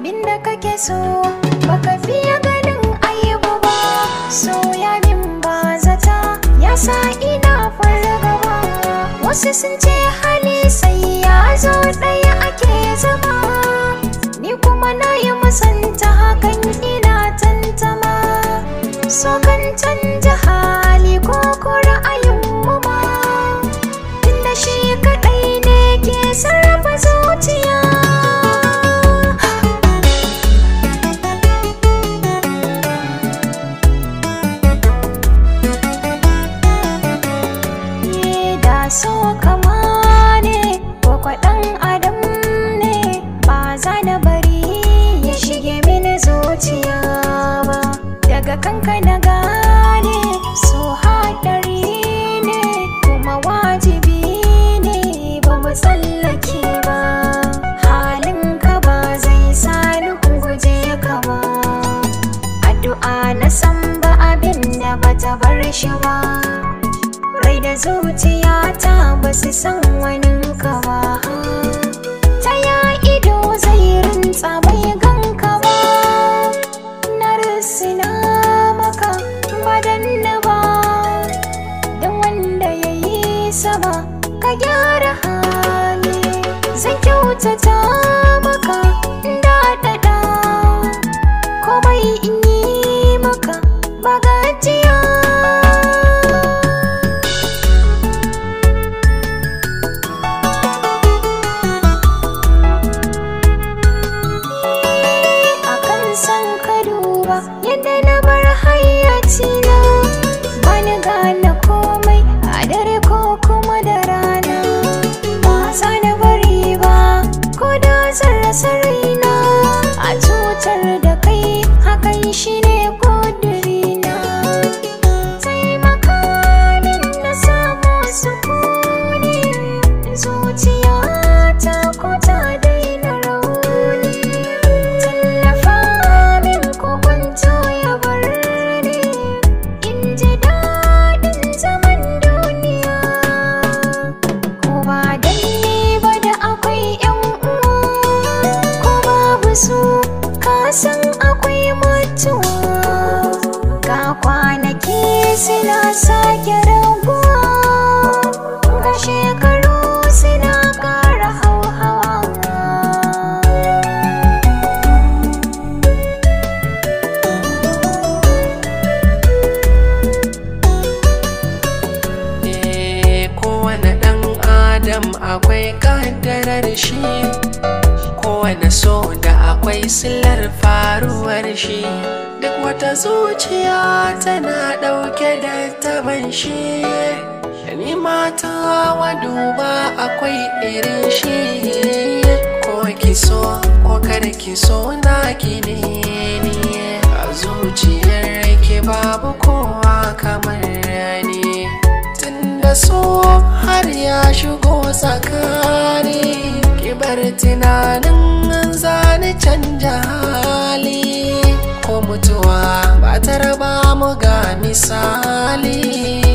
abin da kake so baka fiye ganin ayyubu ba soya min ba zata ya sa ina fargaba wasu sun ce hali sai ya zo ɗaya ake zama ni kuma na yi musanta hakan ina tantama so kan canja hali ko kura shawa rai da zuciya ta ba su san wani kawa ta ya ido zai rinta bai ganka ba na risina maka badan na ba Da wanda ya yi sama ka gyara hali zan kyautata maka zuciya ta ko ta daina rauni tallafa min ko kwanto ya bar daɗin zaman duniya ko ba danne ba da akwai yan uwa ko babu su ka san akwai mutuwa ga kwanaki Sina. akwai kaddarar shi kowane so da akwai silar faruwar shi duk wata zuciya tana ɗauke da taban shi ni mata wa duba akwai irin shi ko kiso ko kar so, na gine ne a zuciyar ke babu kowa kamar ni tunda so har ya shuka. ki bar tunanin an zani canja hali ko mutuwa ba ta raba mu ga misali